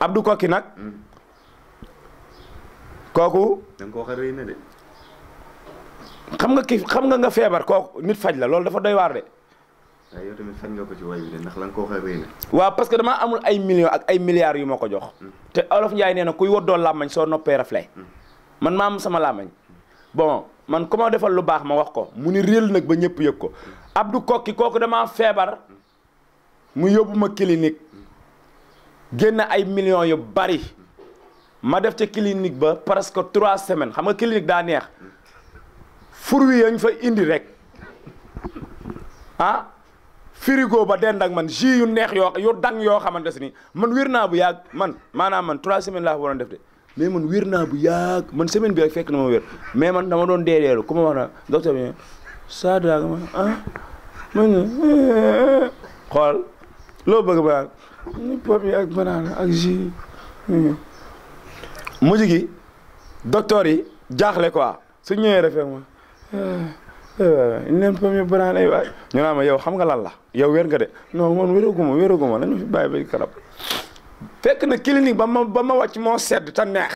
abdu Kokki nag kooku. da nga ko wax na de. xam nga ki xam nga nga feebar kooku nit faj la loolu dafa doy waar de. waaw ko ci way bi de ndax ko waxee parce que damaa amul ay millions ak ay milliards yu ma ko jox. Mm. te olof Ndiaye nee na kuy woddoo làmmañ soo noppee rafet. Mm. man maa am sama làmmañ bon man ku ma defal lu baax ma wax ko mu ni réel nag ba ñëpp yëg ko mm. Abdou Kokki kooku damaa feebar mu yóbbu ma clinique. génn ay millions yu bari ma def ca clinique ba presque trois semaines xam nga clinique daa neex fur wi yañ fa indi rek ah frigo ba dend ak man jus yu neex yoo yu da yoo xamante si ni man wér naa bu yàgg man maanaam man trois semaine laa fa waroon def de mais man wiir naa bu yàgg man semaine bi ak fekk na ma wér mais man dama doon deedeelu ku ma wax na docteur bi ne saa daaga ah, ma ah eh, man eh, eh, xool loo bëgg ba ñu pop ak banana ak jus yi. Hmm. mujj gi docteur yi jaaxle quoi su ñëwee refee ma eh, eh, eh, neen pom yi banana yi waay ñu naan ma yow xam nga lan la yow wér nga de non man wéraguma wéraguma nañu fi bàyyi ba karab fekk na clinique ba ma moo sedd te neex